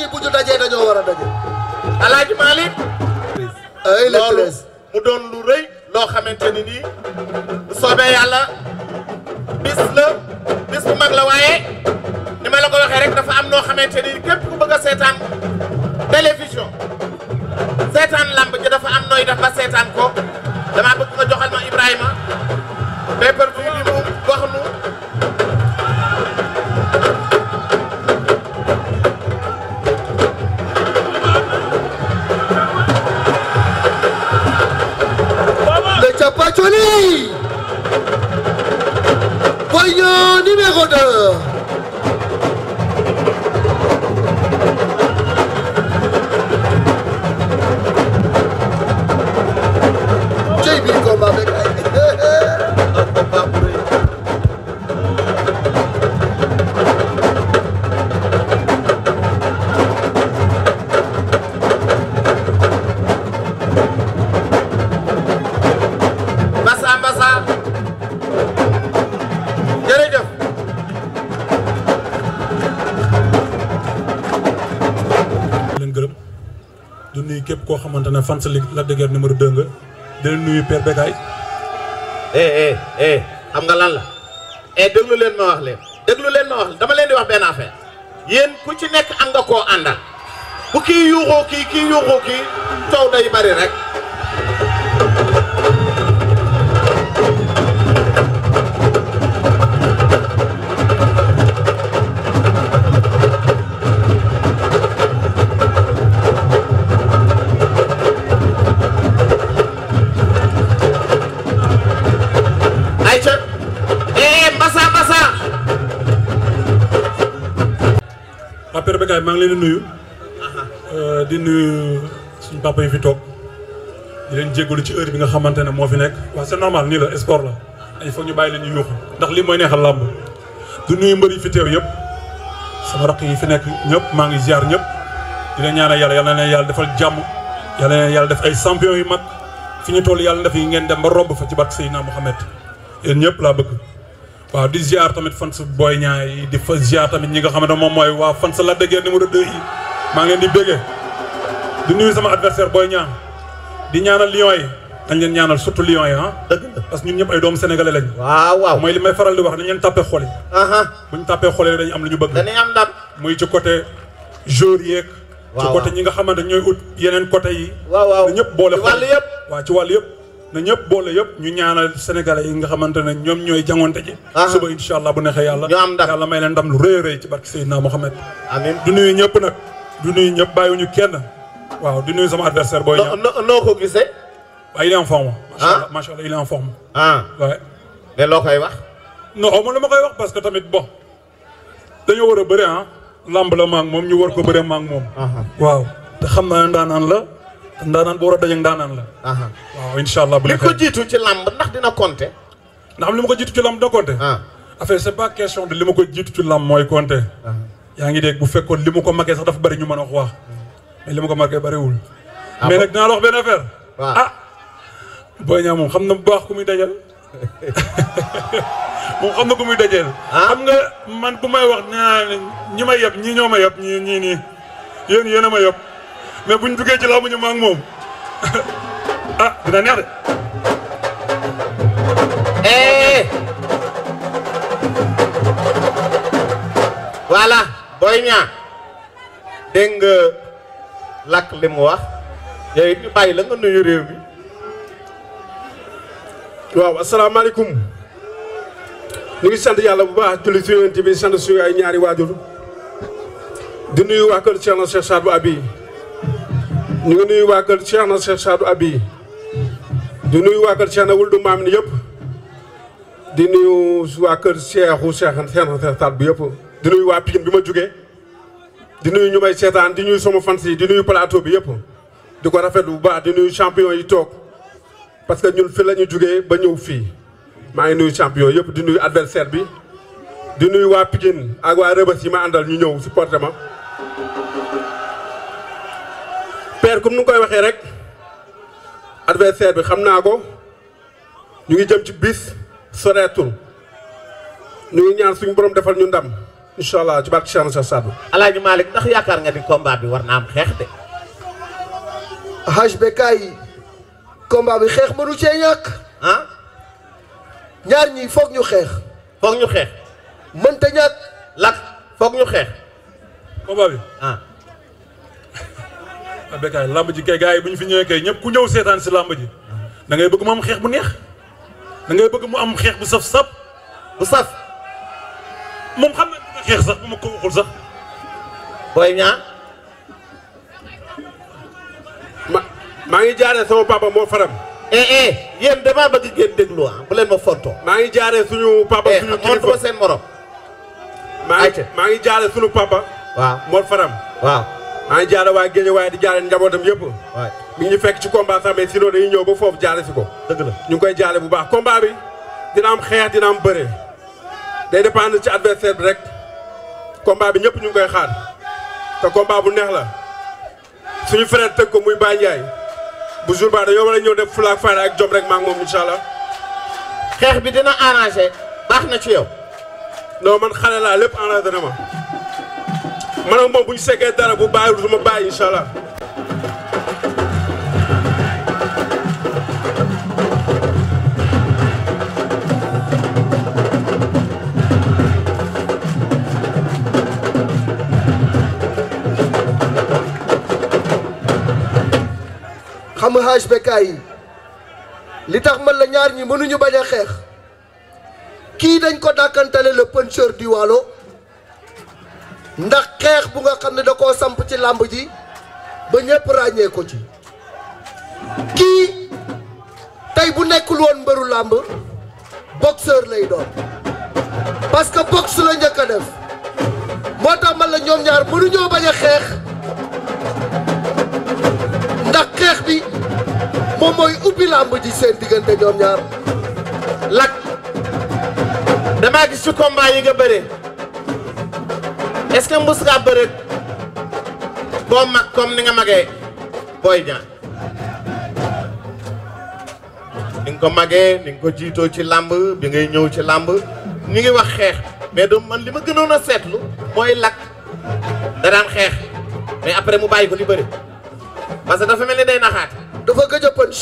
ñi bu ñu dajee dañoo war a daje. Alaaji Malick. ay loolu mu doon lu rëy loo xamante ni nii bu soobee yàlla bis la bis bu mag la waaye li ma la ko waxee rek dafa am noo xamante ni képp ku bëgg a seetaan télévision seetaan lamb ji dafa am nooy def ba seetaan ko dama bëgg nga joxal ma Ibrahima pay-per-view bi mu wax nu Bonjour képp koo xamante ne fan sa Lac de Guiers nga nuyu Père Bécaye. Eh, eh eh xam nga lan la eh déglu leen ma wax leen déglu leen ma wax dama leen di wax benn affaire yéen ku ci nekk am nga koo àndal bu kii yuuxoo kii kii yuuxoo kii coow day bari rek. waa Père Bécaye maa ngi leen di nuyu. Euh, di nuyu suñu papa yi fi toog di leen jégalu ci heure bi nga xamante ne moo fi nekk waaw c'est normal nii la sport la ay faut ñu bàyyi leen ñu yuuxu ndax lii mooy neexal làmb du nuyu mbër yi fi teew yëpp sama rakk yi fi nekk ñëpp maa ngi ziar ñëpp di leen yàlla yàlla na leen yàlla defal jàmm yàlla yàlla def ay champion yu mag fi ñu toll yàlla def yi ngeen dem ba robb fa ci barke Seydina Mohamed yéen ñëpp laa bëgg. waaw di ziar tamit fan su Boy Niang yi di fa ziar tamit ñi nga xam ne moom mooy waa fan sa la déggee numéro 2 yi maa ngeen di bëggee di nuyu sama adversaire Boy Niang di ñaanal Lions yi dañ leen ñaanal surtout lion yi ah. dëgg la parce que ñun ñëpp ay doomu sénégalais lañ. waaw mooy li may faral di wax dañ leen tàppee xol yi. bu ñu tàppee xol yi dañu am lu ñu bëgg. dañuy am ndam muy ci côté joueur yeeg. ci côté ñi nga xamante ñooy ut yeneen côté yi. waaw waaw ñëpp boole xol waa ci wàllu yëpp. na ñëpp boole yëpp ñu ñaanal sénégalais yi nga xamante ne ñoom ñooy jangonte ji ah. suba incha allah bu neexee yàlla yàlla may leen ndam lu rëy rëy ci barke Seydina Mohamed amiin du nuyu ñëpp nag du nuyu ñëpp bàyyiwuñu kenn waaw du nuyu sama adversaire booy ñëw noo ko gisee waaw il est en forme macha ah. allah koy wax parce que tamit bon dañoo war a ah. la maag moom ñu war ko bëri la ndaanaan bu war a dajeeg ndaanaan la. waaw incha allah bu li ko jiitu ci làmb ndax dina compter. ndax am li ma ko jiitu ci làmb dina compter. Ah. affaire c'est question de li ma ko jiitu ci làmb mooy compter. yaa ngi dégg bu fekkoon li ma ko magee sax dafa bëri ñu mën a wax. Hmm. mais li ma ko magee bariwul ah mais nag dinaa la wax benn affaire. ah Boy Niang moom xam na bu baax ku muy dajal. moom xam na ku muy dajal. Ah? xam nga man ku may wax ñaa ñi may yab ñii ñoo ma yab ñii ñii nii yéen yéen a ma yab. mais buñ duggee ci la mu ñu ma ak moom ah dina neex de. Eh! voilà Boy Niang dégg nga lakk li mu wax yooyu ñu bàyyi la nga nuyu réew mi waaw asalaamaaleykum ñu ngi sant yàlla bu baax julli ci yonent bi sant suñu ay ñaari waajur di nuyu waa kër Cheikh Sadou Abi ñu ngi nuyu waa kër Cheikh na Cheikh Sadou Abi di nuyu waa kër Cheikh na wul du maam ni yëpp di nuyu waa kër Cheikhu Cheikh na Cheikh Sadou bi di nuyu waa Pikine bi ma jugee di nuyu ñu may seetaan di ñuy sama fans yi di nuyu plateau bi yëpp di ko rafet bu baax di nuyu champion yi toog parce que ñun fi la ñu jugee ba ñëw fii maa ngi nuyu champion yëpp di nuy adversaire bi di nuyu waa Pikine ak waa Rebeuss yi ma àndal ñu ñëw supporté ma père comme nu nga koy waxee rek adversaire bi xam naa ko ñu ngi jëm ci bis soreetul ñu ngi ñaan suñu borom defal ñu ndam incha allah ci barke Cheikh sa Sadou. Alaaji Malick ndax yaakaar nga ni combat bi war naa am xeex de. HBK yi combat bi xeex mënu cee ñàkk. ah. ñaar ñii foog ñu xeex. foog ñu xeex. mënta ñàkk. lak foog ñu xeex. combat bi ah. Bécaye làmb ji kay yi bu ñu fi ñëwee kay ñëpp ku ñëw seetaan si làmb ji da bëgg mu am xeex bu neex da bëgg mu am xeex bu saf sap bu saf moom xam na xeex sax bu ma ko waxul sax. booy ñaa ma maa ngi jaaree sama papa moo faram. eh eh yéen damaa bëgg ngeen déglu ah bu leen ma fontoo. maa ngi jaaree suñu papa eh, suñu kilifa eh seen morom. maa ngi maa ngi jaaree suñu papa. waaw moo faram waaw. maa ngi jaare waa Géeja waaye di jaare njabootam yépp mi ngi ñu fekk ci combat sax mais sinon dañuy ñëw ba foofu jaare si ko dëgg la ñu koy jaale bu baax combat bi dina am xeex dina am bëre day dépendre ci adversaire bi rek combat bi ñëpp ñu ngi koy xaar te combat bu neex la suñu frère tëgg ko muy Baye Ndiaye bu jour ba dañoo war a ñëw def fulaak fayda ak jom rek maa ngi moom incha xeex bi dina arrangé baax na ci yow non man xale laa lépp arrangé na ma man ak moom ñu seggee dara bu bàyyi du ma bàyyi xam nga HBK yi li tax man la ñaar ñi mënuñu bañ a xeex kii dañ ko dàkkantale le puncheur du ndax xeex bu nga xam ne da ko samp ci làmb ji ba ñëpp ràññee ko ci kii tey bu nekkul woon mbëru làmb boxeur lay doon parce que boxe la njëkk a def moo tax man la ñoom ñaar mënuñoo bañ a xeex ndax xeex bi moom mooy ubbi làmb ji seen diggante ñoom ñaar lak damaa gis su combat yi nga bëree est-ce que mës ngaa bëre boo mag comme ni nga magee Boy Niang ni nga ko magee ni nga ko jiitoo ci làmb bi ngay ñëw ci làmb ñu ngi wax xeex mais du man li ma gënoon a seetlu mooy Lac da daan xeex mais après mu bàyyi ko li bëri parce que dafa mel ni day naxaat dafa gëj a punch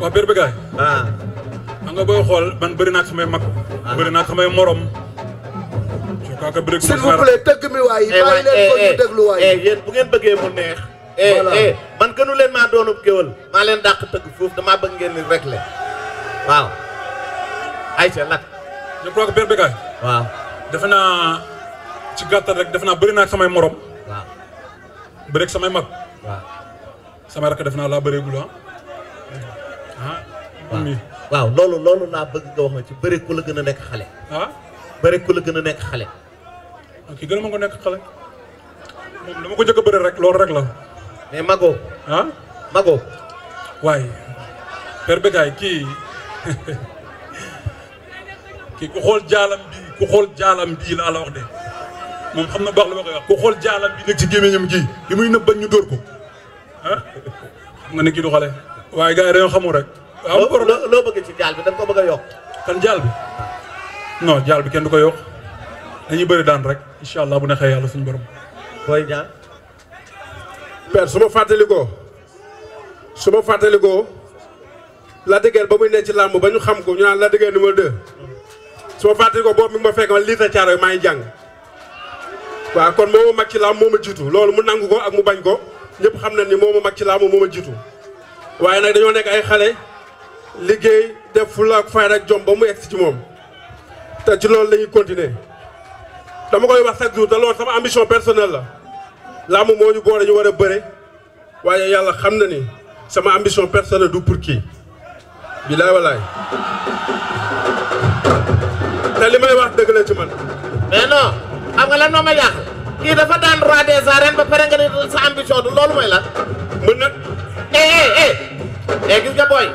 waa biir nga booy xool man bëri naa ak samay mag. Ah. bëri naa ak samay morom. je crois que bëri. s'il vous plaît tëgg mi waay eh, yi eh, eh, bu ngeen bëggee mu man gënu leen maa doonub géwël maa leen dàq tëgg foofu damaa bëgg ngeen ni réglé waaw. ayca nag. je crois que Père Bécaye. waaw naa ci gàttal rek defe naa bëri naa ak samay morom. waaw bëri ak samay mag. waaw samay rakk defe naa laa bëreegul ah. ah. waaw loolu loolu laa bëgg nga wax ma ci bëri ku la gën a nekk xale. ah ku la gën a nekk xale. ok gën a nekk xale. moom dama ko jëkk a bëri rek loolu rek la. mais magoo ah waaye. Père Bécaye kii kii ku xool jaalam bi ku xool jaalam bii laa la wax de moom xam na baax la ma ko wax ku xool jaalam bi nekk ci gémmiñam gi li na nëbban ñu dóor ko ah xam nga ne du xale waaye gars yi dañoo rek. waaw loo loo bëgg ci jaal bi da nga ko bëgg a yokk. kan jaal bi non jaal bi kenn du ko yokk dañuy bëri daan rek incha allah bu neexee yàlla suñu borom. booy ñaan. su ma fàttalikoo su ma fàttalikoo Lac de Guiers ba muy nekk ci làmb ba ñu xam ko ñu naan Lac de Guiers numéro 2 su ma fàttalikoo boobu mi ngi ma fekk lii ta caaro yi maa ngi jàng waaw kon moo ma mag ci làmb moo ma jiitu loolu mu nangu ko ak mu bañ ko ñëpp xam na ni moo ma mag ci làmb moo ma jiitu waaye nag dañoo nekk ay xale. liggéey def fulla ak fayda ak jom ba mu egg si ci moom te ci loolu la ñuy continuer dama koy wax chaque jour te loolu sama ambition personnelle la làmb moo ñu boole ñu war a bëre waaye yàlla xam na ni sama ambition personnelle du pour kii bilaay walaay te li may wax dëgg la ci man. mais non xam nga lan moo ma jaaxal kii dafa daan roi des arènes ba pare nga ne sa ambition du loolu mooy lan. mën na. eh, eh, eh! léegi gis nga booy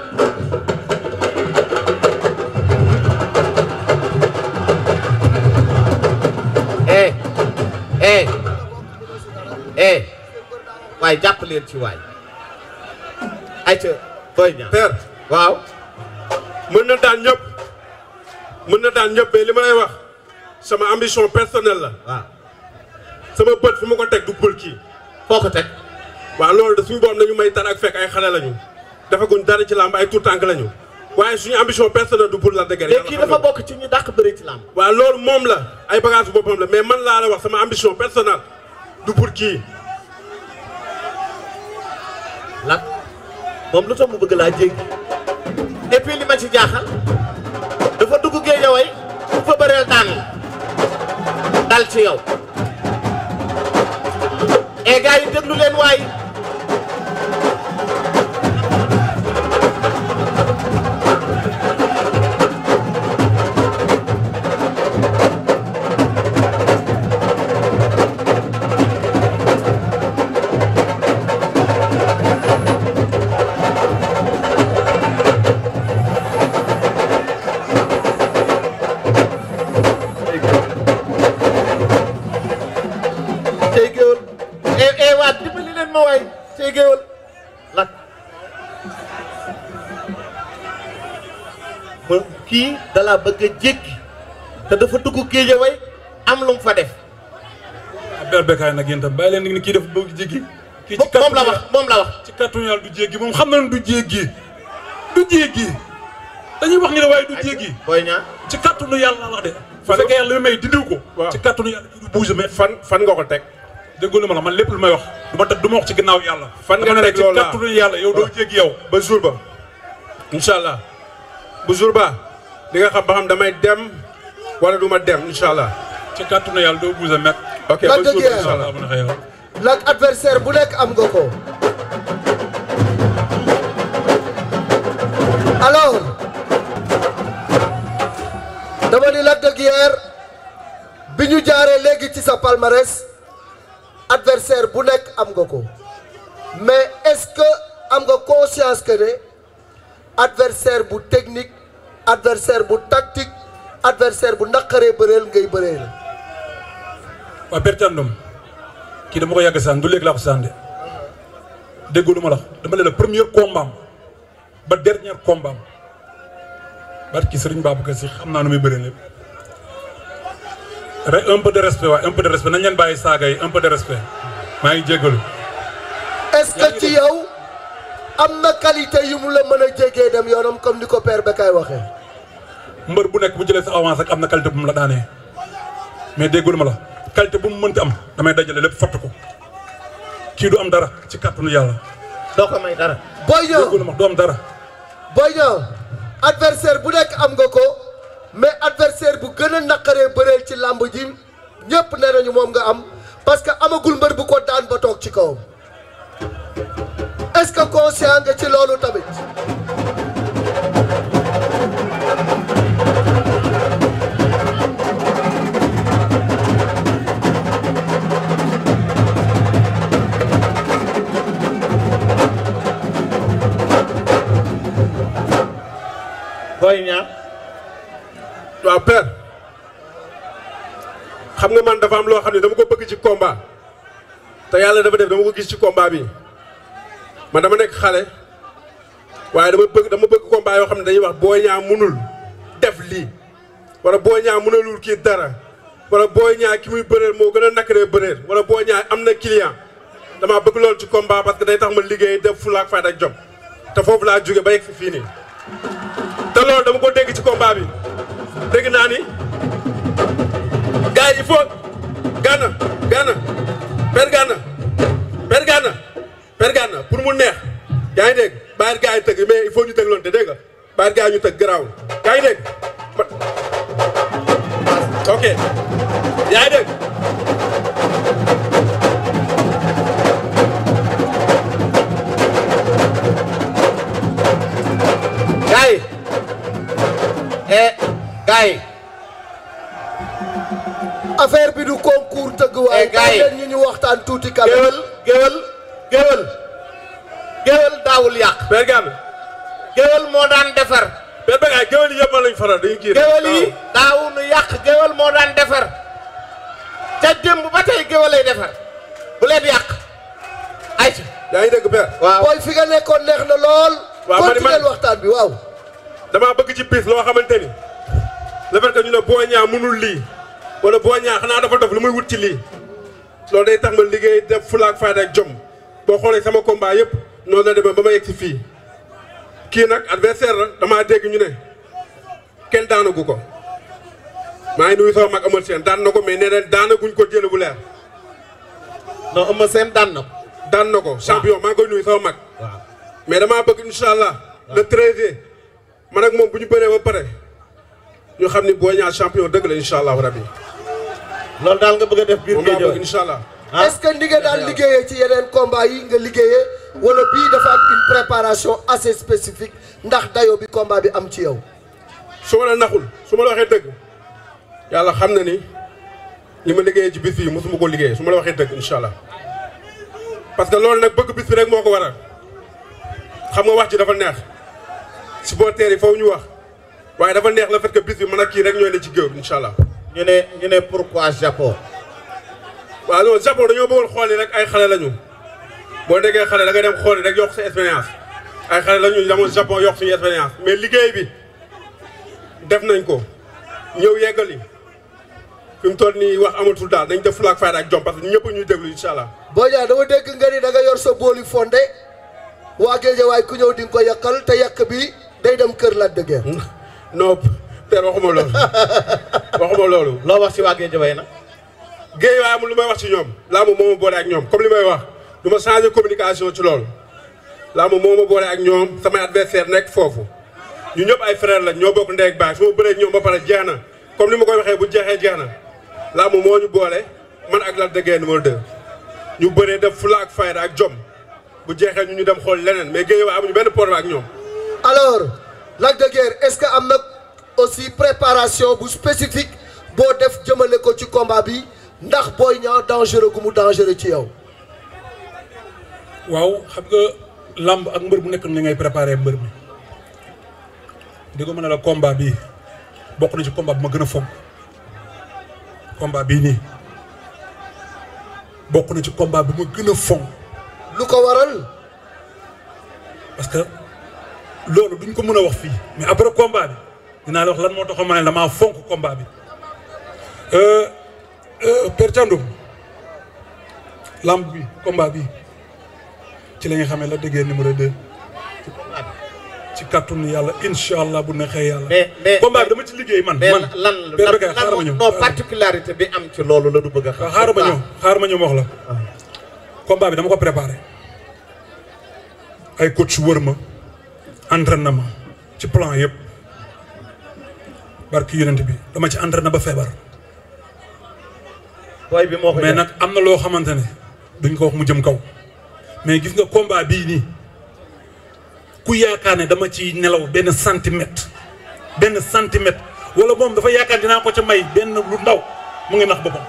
eh eh eh waaye jàpp leen ci waay ayca booy ñaa père waaw mën na daan ñëpp mën na daan ñëpp mais li ma lay wax sama ambition personnelle la waaw sama bët fu ma ko teg du bël kii foo ko teg waaw loolu da suñu borom nañu may tar ak fekk ay xale lañu dafa gun dara ci làmb ay tout tànk lañu waaye suñu ambition personnelle du pour Lac de Guiers. yàlla kii dafa bokk ci ñu dàq bëri ci làmb. waaw loolu moom la ay bagages bu boppam la mais man laa la wax sama ambition personnelle du pour kii. Lac moom lu tax mu bëgg laa jéggi. et li ma ci jaaxal dafa dugg Guédiawaye ku fa bëreel daan dal ci yow. et gars yi déglu leen waaye. ba bëgg a jéggi te dafa dugg way am lu mu fa def. Albert Becaye nag yéen tam bàyyi leen ni kii dafa bëgg jéggi. kii ci moom la wax moom la wax. ci kàttanu yàlla du jéggi moom xam ne du jéggi du jéggi dañuy wax ni la waaye du jéggi. booy ñaa ci kàttanu yàlla la wax de. fan bu fekkee yàlla li may dindiw ko. waaw ci kàttanu yàlla du bouge mais fan fan nga ko teg. déggoo lu ma la man lépp lu may wax du ma du ma wax ci ginnaaw yàlla. fan nga teg loolu yàlla yow doo jéggi yow. ba jour ba incha allah bu ba di nga xam ba xam damay dem wala du ma dem incha allah. ca kàttu na yàlla doo buuse met. ok ba bu nekk am nga ko. alors dama ni Lac de bi ñu jaaree léegi ci sa palmarès adversaire bu nekk am nga ko mais est-ce que am nga conscience que ne adversaire bu technique. adversaire bu tactique adversaire bu naqaree bëreel ngay bëreel. waaw Père Thiandoum kii dama ko yàgg saan du léegi laa ko saan de déggu lu ma la dama ne la premier combat ba dernier combat barki Serigne Babacar Sy xam naa nu muy bëree lépp rek un peu de respect waaye un peu de respect nañ leen bàyyi saaga yi un peu de respect maa ngi jégalu. am na qualité yu mu la mën a jégee dem yoonam comme ni ko père Bekaay waxee. mbër bu nekk bu jëlee sa avance ak am na qualité bu mu la daanee mais déggul ma la qualité bu mu mënti am damay dajale lépp fatt ko kii du am dara ci kàttanu yàlla. doo ko may dara. booy ñëw déggul ma du am dara. booy ñëw adversaire bu nekk am nga ko mais adversaire bu gën a naqaree bëreel ci làmb ji ñëpp nee nañu moom nga am parce que amagul mbër bu ko daan ba toog ci kaw est-ce que conscient nga ci loolu waaw père xam nga man dafa am loo xam ne dama ko bëgg ci combat te yàlla dafa def dama ko gis ci combat bi man dama nekk xale waaye dama bëgg dama bëgg combat yoo xam ne dañuy wax Boy ñaa mënul def lii wala Boy Niang mënalul kii dara wala Boy Niang ki muy bëreel moo gën a nakkaree bëreel wala Boy Niang am na client dama bëgg loolu ci combat parce que day tax ma liggéey def fulaak fayda ak jom te foofu laa jóge ba yegg fii nii te loolu dama ko dégg ci combat bi dégg naa ni gars yi il gànna gànna per gànna per gànna per gànna pour mu neex yaa ngi dégg bàyyi gaa yi tëgg mais il faut ñu tëgloon te dégg nga bàyyi gaa yi ñu tëgg garaaw yaa ngi dégg ok yaa ngi dégg gaa yi eh gaa yi affaire bi du concours tëgg waaye eh, gaa yi ñu ñu waxtaan tuuti kàddu géwël géwël géwël géwél daawul yàq père Gamé géwél moo daan defar père Bégaay géwél yi yëpp lañ faral dañu kii géwél yi daawuñu yàq géwél moo daan defar ca démb ba tey géwél lay defar bu leen yàq ay ci yaa ngi dégg père waaw booy fi nga nekkoon neex na lool continuel waxtaan bi waaw damaa bëgg ci piis loo xamante ni le fait ñu ne Boy mënul lii wala Boy Niang xanaa dafa dof lu muy wut ci lii loolu day tax ma liggéey def fulaak fayda ak jom boo xoolee sama combat yëpp noonu la demee ba ma yegg si fii kii nag adversaire la damaa dégg ñu ne kenn daanagu ko maa ngi nuyu sama mag Eumeu seen daan na ko mais nee daanaguñ ko jël bu leer. non Eumeu Sène daan na ko. na ko champion maa ngi koy nuyu sama mag. mais damaa bëgg incha allah. le treize man ak moom bu ñu bëree ba pare ñu xam ni boo ñaar champion dëgg la incha allah rabi. loolu daal nga bëgg def biir géej moom bëgg incha allah. est-ce que li nga daan liggéeyee ci yeneen combat yi nga liggéeyee wala bii dafa am préparation assez spécifique ndax dayoo bi combat bi am ci yow. su la naxul su ma la waxee dëgg yàlla xam na ni li ma liggéeyee ci bis bi mosuma ko liggéeyee su ma la waxee dëgg incha allah parce que loolu nag bëgg bis bi rek moo ko waral xam nga wax ci dafa neex si supporters yi foofu ñu wax waaye dafa neex la fait que bis bi man a kii rek ñooy ne ci géew incha allah. ñu ne ñu ne pourquoi Japon. waaw non Japon dañoo bëggoon xooli rek ay xale lañu boo déggee xale da ngay dem xooli rek yokk sa expérience ay xale lañu demoon Japon yokk suñu expérience mais liggéey bi def nañ ko ñëw yeggali fi mu nii wax amatul daal dañ def fulaak fayda ak jom parce que ñëpp ñuy déglu incha allah. boo ñëwee dama dégg nga ni da nga yor sa booli fonde waa géej waaye ku ñëw di ko yàqal te yàq bi day dem kër la dëggee. non père waxuma loolu waxuma loolu. loo wax si waa géej waaye nag. géey waaye amul lu may wax ci ñoom làmb moo ma boole ak ñoom comme li may wax du ma changé communication ci loolu làmb moo ma boole ak ñoom samay adversaire nekk foofu ñu ñëpp ay frère la ñoo bokk ndey ak baay su ma bëree ñoom ba pare jeex na comme ni ma koy waxee bu jeexee jeex na làmb moo ñu boole man ak Lac de Guiers numéro 2 ñu bëree def fula ak fayda ak jom bu jeexee ñu ñu dem xool leneen mais géey waaye amuñu benn problème ak ñoom alors Lac de Guiers est-ce que am na aussi préparation bu spécifique boo def jëmale ko ci combat bi ndax Boy Niang dangereux gu mu dangereux ci yow. waaw xam nga làmb ak mbër mu nekk ni ngay préparé mbër mi di ko mën a la combat bi bokk na ci komba bi ma gën a fonk combat bii nii ci combat bu ma gën a fonk. lu ko waral. parce que loolu duñ ko mën a wax fii mais après combat bi dinaa la wax lan moo tax ma ne fonk combat bi. Euh, Euh, Père Thiandoum lamb bi combat bi ci la nga xamee la déggee numéro de ci combat bi yàlla incha allah bu neexee yàlla. mais combat dama ci liggéey man. man lan lan non euh, particularité bi am ci loolu la xaar bëgg a xam. ma ñëw xaaral ma ñëw ah. wax la. Ah. combat bi dama ko prépare ay coach wër ma entraînement ci plan yëpp barki yonent bi dama ci entre na ba feebar. waaye bi moo ko mais nag am na loo xamante ne duñ ko wax mu jëm kaw mais gis nga combat bii nii ku yaakaar ne dama ci nelaw benn centimètre benn centimètre wala moom dafa yaakaar dinaa ko ca may benn lu ndaw mu ngi nax boppam.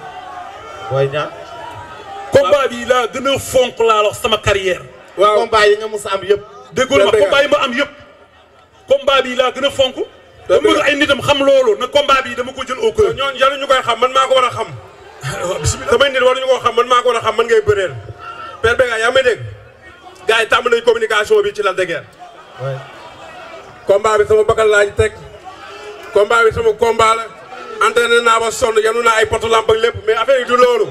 waaye ñaar. combat bi laa gën a fonk laa la sama carrière. waaw combat yi nga sa am yëpp. déggul ma combat yi ma am yëpp. combat bi laa gën a fonk. dama bëgg ay nitam xam loolu na combat bi dama ko jël au cœur. ñooñu yàlla koy xam man maa ko war a xam. samay nit waruñu koo xam man maa ko war a xam man ngay bëreel père Béga yaa may dégg gars yi tàmm nañ communication bi ci Lac de Guiers bi sama bakkan laa ci teg combat bi sama combat la entraîné naa ba sonn yanu na ay poto lamp ak lépp mais affaire yi loolu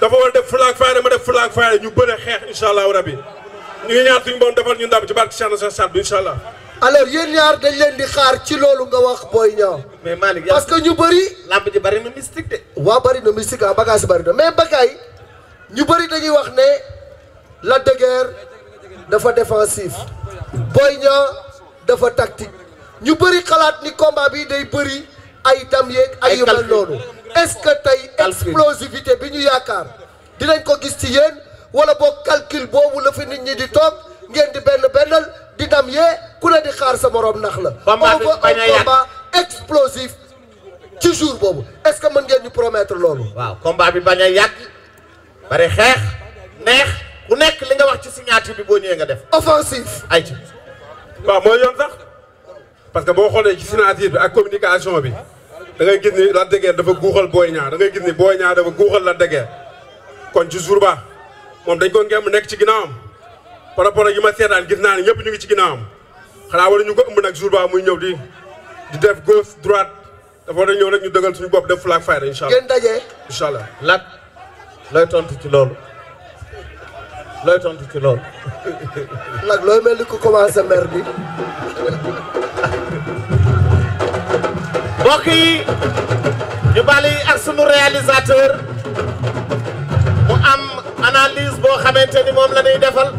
dafa war a def fulaak fayda ma def fulaak fayda ñu bëre xeex incha allahu rabi ñu ngi ñaar suñu bon defal ñu ndam ci barke Cheikh Nassar Sadou incha allah. alors yéen ñaar dañ leen di xaar ci loolu nga wax Boy Niang. mais Malick parce que ñu bëri. lamb ji bëri na mystique de. waaw bëri na mystique ah bagage bëri na mais bagaay ñu bëri dañuy wax ne la de dafa défensif Boy Niang dafa tactique ñu bëri xalaat ni combat bi day bëri ay dam yeeg ay yu noonu. est-ce que tey explosivité bi ñu yaakaar dinañ ko gis ci yéen wala boo calcul boobu la fi nit ñi di toog ngeen di benn bennal. di dam yee ku ne di xaar sa morom nax la. combat bi bañ a combat explosif ci jour boobu est-ce que mën ngeen ñu promettre loolu. waaw combat bi bañ a yàgg bari xeex neex ku nekk li nga wax ci signature bi boo ñëwee nga def. offensif ay ci waa mooy yoon sax parce que boo xoolee ci signature bi ak communication bi da ngay gis ni Lac de dafa guuxal Boy ñaar da ngay gis ni Boy Niang dafa guuxal Lac de kon ci jour ba moom dañ kon ngeen mu nekk ci ginnaawam. par rapport ak yi ma seetaan gis naa ne ñëpp ñu ngi ci ginnaawam xanaa waruñu ko ëmb nag jour ba muy ñëw di di def gauche droite dafa war a ñëw rek ñu dëggal suñu bopp def flag fire incha allah ngeen daje. incha allah looy tontu ci loolu looy tontu ci loolu. Lat looy mel ni ku commencé mer bi. mbokk yi ñu réalisateur mu am analyse boo xamante ni moom la ñuy defal.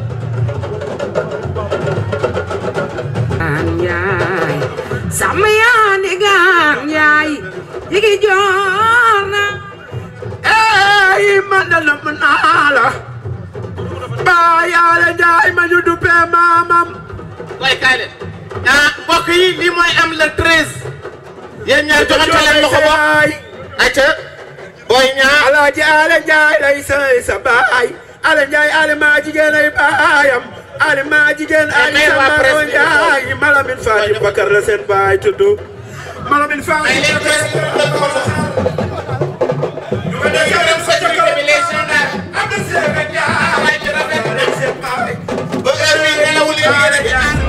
aan yaay sama yaa ndigaan yaay jigi joor na eey ma dana mu naa la baa yaale jaay ma ñu duppee maamam way kaay leen ah mbokk yi mooy am le treize yéen ñaar joxante leen loxo ba acca njaay lay sëy baay ale njaay ale maa jigéen ay baayam ali maa jigéen eh, ali sama roon jaay malamin faati bakar la seen baay tudd malamin faati bakar am na seen baay